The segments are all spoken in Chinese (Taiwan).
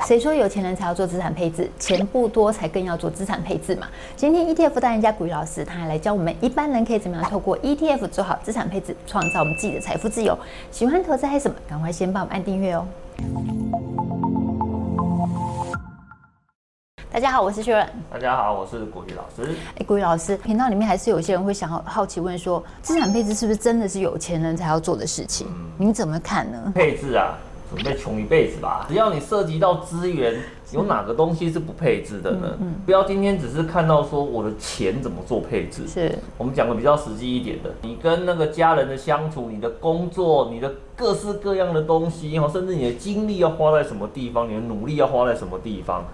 誰說有錢人才要做資產配置？錢不多才更要做資產配置嘛。今天 ETF 大贏家股魚老師，他還來教我們一般人可以怎麼樣透過 ETF 做好資產配置，創造我們自己的財富自由。喜歡投資嗨什麼？趕快先幫我們按訂閱哦。大家好，我是雪倫。大家好，我是股魚老師。哎，股魚老師，頻道裡面還是有些人會想要好奇問說，資產配置是不是真的是有錢人才要做的事情？您怎麼看呢？配置啊。準備窮一輩子吧！只要你涉及到資源，有哪個東西是不配置的呢？不要今天只是看到說我的錢怎麼做配置。是，我們講個比較實際一點的。你跟那個家人的相處，你的工作，你的各式各樣的東西後甚至你的精力要花在什麼地方，你的努力要花在什麼地方。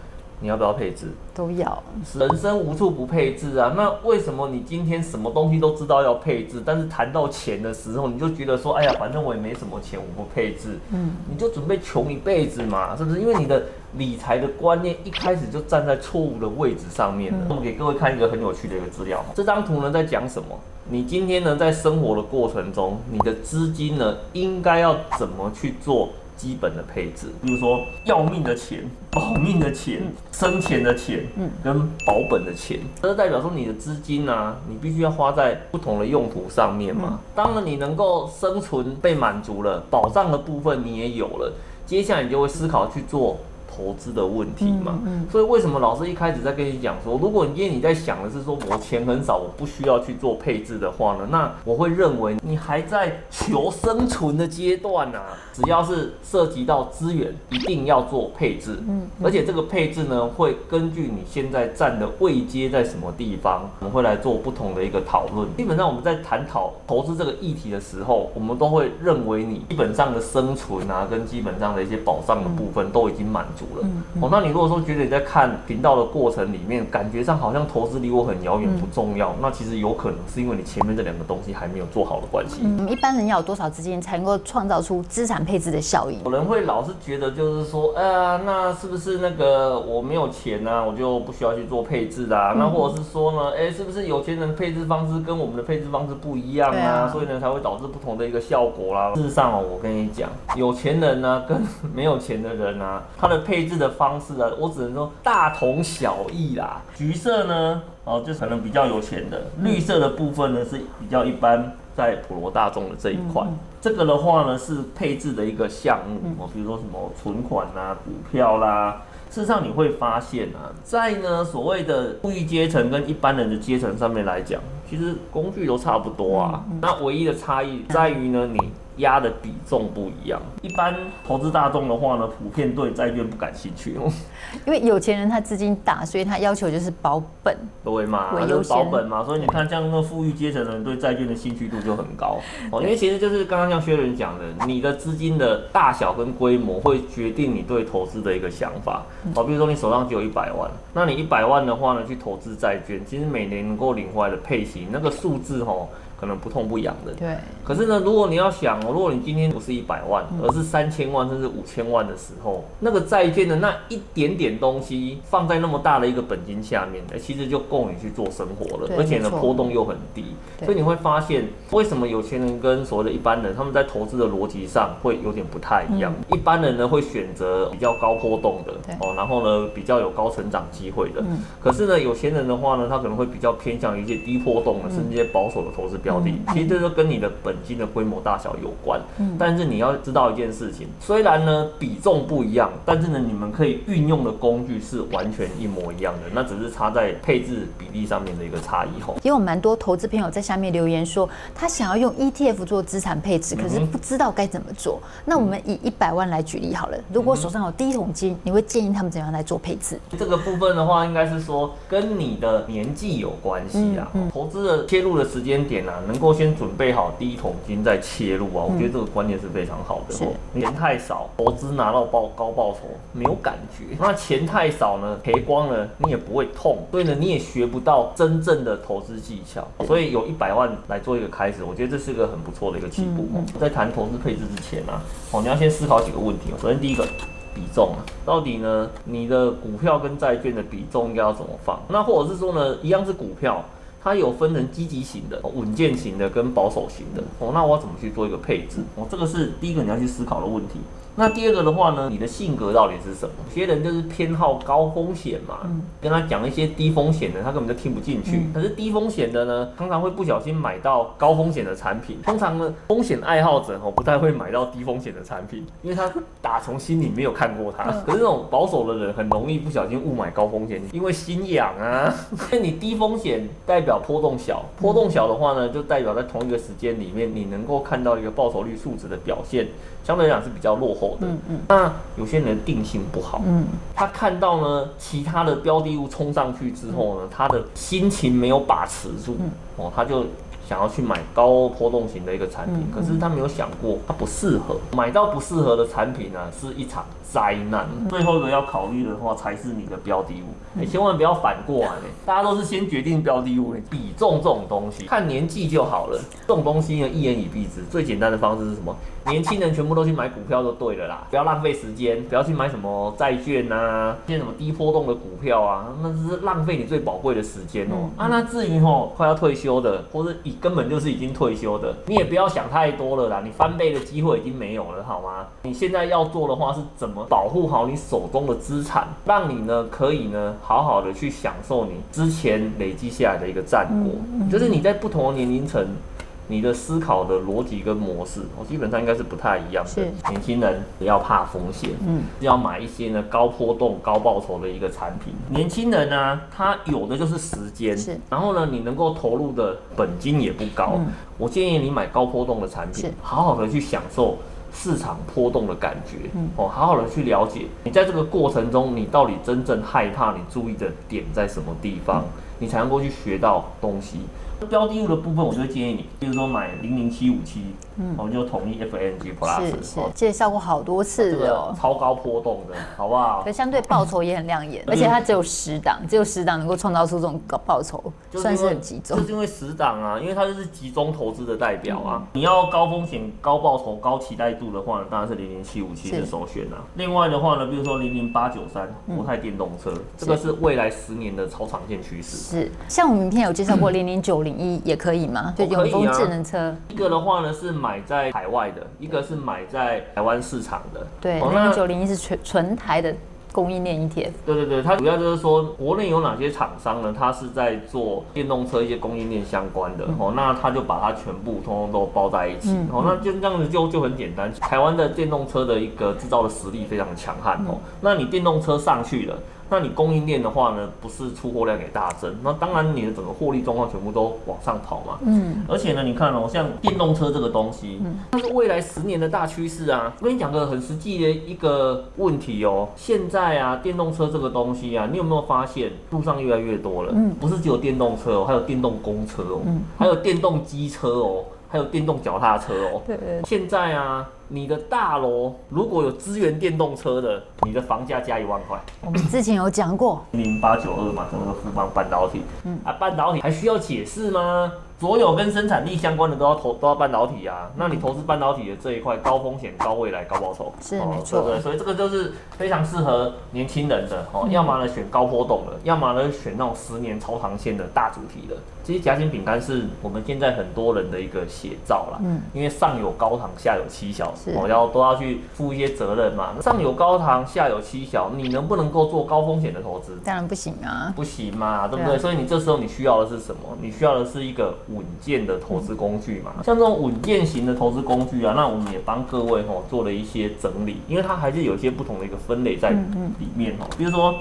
你要不要配置？都要。人生無處不配置啊！那為什麼你今天什麼東西都知道要配置，但是談到錢的時候，你就覺得說，哎呀，反正我也沒什麼錢，我不配置。嗯，你就準備窮一輩子嘛，是不是？因為你的理財的觀念一開始就站在錯誤的位置上面了。我、嗯、們給各位看一個很有趣的一個資料。這張圖呢，在講什麼？你今天呢，在生活的過程中，你的資金呢，應該要怎麼去做？基本的配置，比如說要命的錢、保命的錢、生錢的錢，嗯，跟保本的錢，這代表說你的資金啊，你必須要花在不同的用途上面嘛。當然，你能夠生存被滿足了，保障的部分你也有了，接下來你就會思考去做。投資的問題嘛，嗯，所以為什麼老師一開始在跟你講說，如果你現在在想的是說我錢很少，我不需要去做配置的話呢，那我會認為你還在求生存的階段吶、啊。只要是涉及到資源，一定要做配置。嗯，而且這個配置呢，會根據你現在站的位階在什麼地方，我們會來做不同的一個討論。基本上我們在探討投資這個議題的時候，我們都會認為你基本上的生存啊，跟基本上的一些保障的部分都已經滿足。嗯，哦，那你如果說覺得你在看頻道的過程裡面，感覺上好像投資離我很遙遠，不重要，那其實有可能是因為你前面這兩個東西還沒有做好的關係。嗯，一般人要有多少資金才能夠創造出資產配置的效益？有人會老是覺得就是說，哎、呃、呀，那是不是那個我沒有錢啊？我就不需要去做配置啦、啊？那或者是說呢，哎、欸，是不是有錢人配置方式跟我們的配置方式不一樣啊？啊所以呢才會導致不同的一個效果啦、啊？事實上哦，我跟你講，有錢人呢、啊、跟沒有錢的人呢、啊，他的。配置的方式呢、啊，我只能說大同小異啦。橘色呢，哦、啊，就可能比較有錢的；綠色的部分呢，是比較一般，在普羅大眾的這一塊、嗯嗯。這個的話呢，是配置的一個項目，我比如說什麼存款啦、啊、股票啦、啊。事實上，你會發現啊，在呢所謂的富裕階層跟一般人的階層上面來講，其實工具都差不多啊。嗯嗯，那唯一的差異在於呢，你壓的比重不一樣，一般投資大眾的話呢，普遍對債券不感興趣，因為有錢人他資金大，所以他要求就是保本，對嘛，他保本嘛，所以你看像那富裕階層的人對債券的興趣度就很高哦，因為其實就是剛剛像薛仁講的，你的資金的大小跟規模會決定你對投資的一個想法哦，比如說你手上只有一百萬，那你一百萬的話呢，去投資債券，其實每年能夠領回來的配息那個數字哦。可能不痛不癢的，對。可是呢，如果你要想哦，如果你今天不是一百萬、嗯，而是三千萬，甚至五千萬的時候，那個債券的那一點點東西放在那麼大的一個本金下面，欸、其實就夠你去做生活了。而且呢，波動又很低。所以你會發現，為什麼有錢人跟所謂的一般人，他們在投資的邏輯上會有點不太一樣。嗯、一般人呢會選擇比較高波動的哦，然後呢比較有高成長機會的、嗯。可是呢，有錢人的話呢，他可能會比較偏向一些低波動的，甚至、嗯、一些保守的投資標。其實這就跟你的本金的規模大小有關，嗯，但是你要知道一件事情，雖然呢比重不一樣，但是呢你們可以運用的工具是完全一模一樣的，那只是差在配置比例上面的一個差異後。也有蠻多投資朋友在下面留言說，他想要用 ETF 做資產配置，可是不知道該怎麼做，嗯。那我們以一百萬來舉例好了，嗯，如果手上有第一桶金，你會建議他們怎樣來做配置？這個部分的話，應該是說跟你的年紀有關係啊，嗯嗯，投資的切入的時間點啊。能夠先準備好第一桶金再切入啊、嗯，我覺得這個觀念是非常好的。哦、錢太少，投資拿到報高報酬沒有感覺、嗯；那錢太少呢，賠光了你也不會痛，所以呢你也學不到真正的投資技巧、嗯。所以有一百萬來做一個開始，我覺得這是一個很不錯的一個起步。嗯、在談投資配置之前呢、啊，哦，你要先思考幾個問題。首先第一個比重啊，到底呢你的股票跟債券的比重應該要怎麼放？那或者是說呢，一樣是股票？它有分成積極型的、穩健型的跟保守型的哦，那我要怎麼去做一個配置？哦，這個是第一個你要去思考的問題。那第二個的話呢，你的性格到底是什麼？有些人就是偏好高風險嘛、嗯，跟他講一些低風險的，他根本就聽不進去、嗯。可是低風險的呢，通常、常會不小心買到高風險的產品。通常呢，風險愛好者哦不太會買到低風險的產品，因為他打從心裡沒有看過他。嗯、可是那種保守的人很容易不小心誤買高風險，因為心癢啊。那、嗯、你低風險代表波動小，波動小的話呢，就代表在同一個時間裡面，你能夠看到一個報酬率數值的表現，相對來講是比較落後。嗯嗯，那有些人定性不好，嗯，他看到呢，其他的標的物衝上去之後呢，嗯，他的心情沒有把持住，嗯，哦，他就，想要去買高波動型的一個產品，可是他沒有想過，它不適合。買到不適合的產品呢、啊，是一場災難。最後呢，要考慮的話，才是你的標的物。你千萬不要反過來、欸。大家都是先決定標的物，比重這種東西，看年紀就好了。這種東西呢，一言以蔽之，最簡單的方式是什麼？年輕人全部都去買股票就對了啦，不要浪費時間，不要去買什麼債券啊，那些什麼低波動的股票啊，那是浪費你最寶貴的時間哦。啊，那至於吼，快要退休的，或是以根本就是已經退休的，你也不要想太多了啦。你翻倍的機會已經沒有了，好嗎？你現在要做的話，是怎麼保護好你手中的資產，讓你呢可以呢好好的去享受你之前累積下來的一個戰果。就是你在不同的年齡層。你的思考的邏輯跟模式，哦，基本上應該是不太一樣的。是。年輕人不要怕風險，嗯，要買一些呢高波動、高報酬的一個產品。年輕人呢，啊，他有的就是時間，是。然後呢，你能夠投入的本金也不高，嗯，我建議你買高波動的產品，好好的去享受市場波動的感覺，嗯，哦，好好的去了解，你在這個過程中，你到底真正害怕，你注意的點在什麼地方，嗯，你才能夠去學到東西。標的物的部分，我就會建議你，比如說買零零七五七，我們就統一 F N G Plus，是是，介紹過好多次的。這個、超高波動的，好不好？可相對報酬也很亮眼，嗯、而且它只有十檔、嗯，只有十檔能夠創造出這種高報酬就，算是很集中，這是因為十檔啊，因為它就是集中投資的代表啊。嗯、你要高風險、高報酬、高期待度的話，當然是零零七五七的首選啊。另外的話呢，比如說零零八九三國泰電動車，這個是未來十年的超長線趨勢，是像我們明天有介紹過零零九零。嗯一也可以嘛，就永豐智能車、啊。一個的話呢是買在海外的，一個是買在台灣市場的。對，oh, 901那九零一是純純台的供應鏈 ETF。對對對，它主要就是說國內有哪些廠商呢？它是在做電動車一些供應鏈相關的、嗯、哦，那它就把它全部通通都包在一起、嗯、哦，那就這樣子就就很簡單。台灣的電動車的一個制造的實力非常強悍、嗯、哦，那你電動車上去了。那你供應鏈的話呢，不是出貨量也大增，那當然你的整個獲利狀況全部都往上跑嘛。嗯。而且呢，你看哦，像電動車這個東西，嗯，它是未來十年的大趨勢啊。我跟你講個很實際的一個問題哦，現在啊，電動車這個東西啊，你有沒有發現路上越來越多了？嗯。不是只有電動車哦，還有電動公車哦，嗯，還有電動機車哦，還有電動腳踏車哦。對對。現在啊。你的大樓如果有支援電動車的，你的房價加一萬塊。我們之前有講過零八九二嘛，整個富邦半導體，嗯啊，半導體還需要解釋嗎？所有跟生產力相關的都要投，都要半導體啊，那你投資半導體的這一塊高風險、高未來、高報酬，是沒錯、哦、對？所以這個就是非常適合年輕人的哦。嗯、要麼呢選高波動的，要麼呢選那種十年超長線的大主題的。其實夾心餅乾是我們現在很多人的一個寫照啦，嗯，因為上有高堂，下有妻小，是哦，要都要去負一些責任嘛。上有高堂，下有妻小，你能不能夠做高風險的投資？當然不行啊，不行嘛、啊，對不對，對、啊？所以你這時候你需要的是什麼？你需要的是一個。穩健的投資工具嘛，像這種穩健型的投資工具啊，那我們也幫各位吼、喔、做了一些整理，因為它還是有一些不同的一個分類在裡面吼、喔嗯嗯，比如說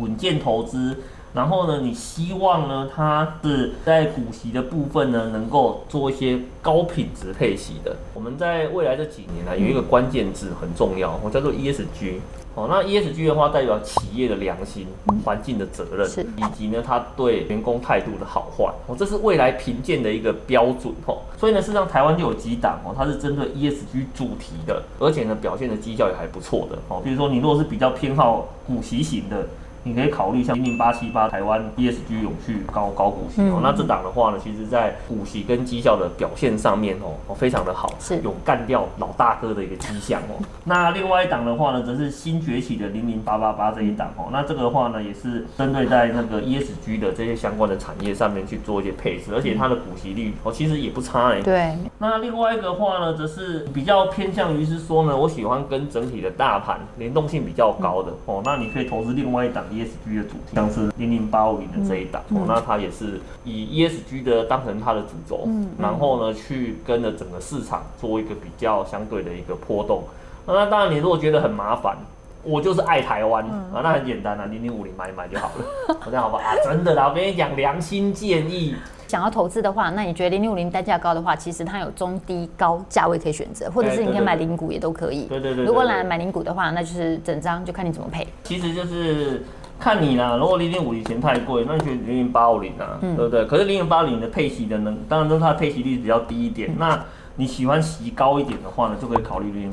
穩健投資。然後呢，你希望呢，它是在股息的部分呢，能夠做一些高品質配息的。我們在未來這幾年呢、嗯，有一個關鍵字很重要，我、哦、叫做 ESG。哦，那 ESG 的話代表企業的良心、嗯、環境的責任，以及呢，他對員工態度的好壞。哦，這是未來評鑑的一個標準。哦，所以呢，事實上台灣就有幾檔哦，它是針對 ESG 主題的，而且呢，表現的績效也還不錯的。哦，比如說你如果是比較偏好股息型的。你可以考慮像零零八七八台灣 ESG 永續高高股息哦、嗯，那這檔的話呢，其實在股息跟績效的表現上面哦，非常的好，是有幹掉老大哥的一個跡象哦。那另外一檔的話呢，則是新崛起的零零八八八這一檔哦，那這個的話呢，也是針對在那個 ESG 的這些相關的產業上面去做一些配置，而且它的股息率哦，其實也不差哎、欸。對。那另外一個的話呢，則是比較偏向於是說呢，我喜歡跟整體的大盤聯動性比較高的哦，那你可以投資另外一檔。ESG 的主題，像是零零八五零的這一檔、嗯、哦，那它也是以 ESG 的當成它的主軸，嗯，然後呢去跟着整個市場做一個比較相對的一個波動。那當然，你如果覺得很麻煩，我就是愛台灣、嗯、啊，那很簡單啊，零零五零買一買就好了， 這樣好不好？啊、真的啦，我跟你講良心建議。想要投資的話，那你覺得零零五零單價高的話，其實它有中低高價位可以選擇，或者是你可以買零股也都可以。欸、對，對，對，對，對對對。如果懶得買零股的話，那就是整張就看你怎麼配。其實就是。看你啦，如果0050以前太貴，那你就00850啊、嗯，對不對？可是00850的配息的呢，當然說它的配息率比較低一點。嗯、那你喜歡息高一點的話呢，就可以考慮00878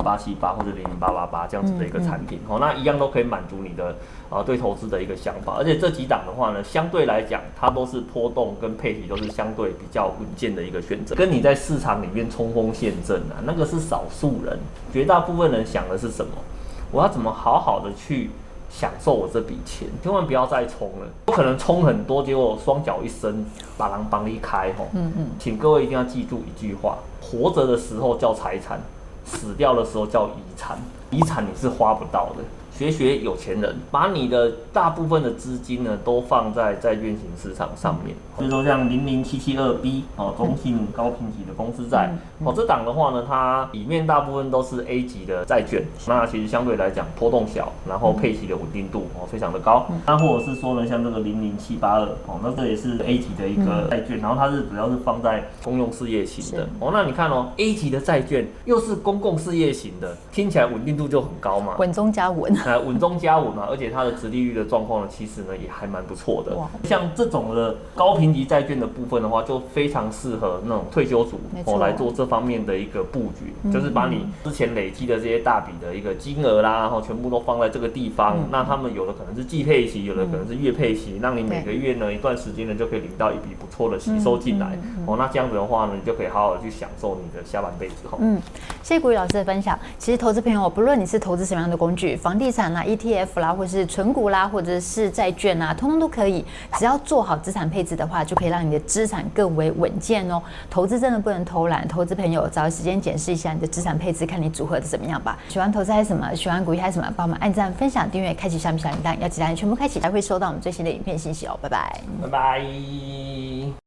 或者00888這樣子的一個產品，嗯嗯。哦，那一樣都可以滿足你的啊、呃、對投資的一個想法。而且這幾檔的話呢，相對來講，它都是波動跟配息都是相對比較穩健的一個選擇。跟你在市場裡面衝鋒陷陣啊，那個是少數人，絕大部分人想的是什麼？我要怎麼好好的去？享受我這筆錢，千萬不要再充了。我可能充很多，結果雙腳一伸，把狼幫一開吼。嗯嗯，請各位一定要記住一句話：活着的時候叫財產，死掉的時候叫遺產。遺產你是花不到的。學學有錢人，把你的大部分的資金呢，都放在債券型市場上面。所、嗯、以說像零零七七二 B 哦，中信高評級的公司債、嗯嗯、哦，這檔的話呢，它裡面大部分都是 A 級的債券，那其實相對來講波動小，然後配息的穩定度、嗯、哦非常的高、嗯。那或者是說呢，像這個零零七八二哦，那這也是 A 級的一個債券、嗯，然後它是主要是放在公用事業型的哦。那你看哦，A 級的債券又是公共事業型的，聽起來穩定度就很高嘛，穩中加穩。呃，穩中加穩嘛，而且它的殖利率的狀況呢，其實呢也還蠻不錯的哇。像這種的高評級債券的部分的話，就非常適合那種退休族哦來做這方面的一個布局、嗯，就是把你之前累積的這些大筆的一個金額啦，然後全部都放在這個地方。嗯、那他們有的可能是季配息，有的可能是月配息，嗯、讓你每個月呢一段時間呢就可以領到一筆不錯的息收進來、嗯、哦、嗯嗯。那這樣子的話呢，你就可以好好去享受你的下半輩子哦。嗯，謝謝股魚老師的分享。其實投資朋友，不論你是投資什麼樣的工具，房地產。啊，ETF 啦、啊，或者是存股啦、啊，或者是債券啦、啊，通通都可以。只要做好資產配置的話，就可以讓你的資產更為穩健哦。投資真的不能偷懶，投資朋友，找時間檢視一下你的資產配置，看你組合的怎麼樣吧。喜歡投資嗨什麼？喜歡股魚嗨什麼？幫我們按讚、分享、訂閱、開啟小鈴鐺，要記得全部開啟才會收到我們最新的影片信息哦。拜拜，拜拜。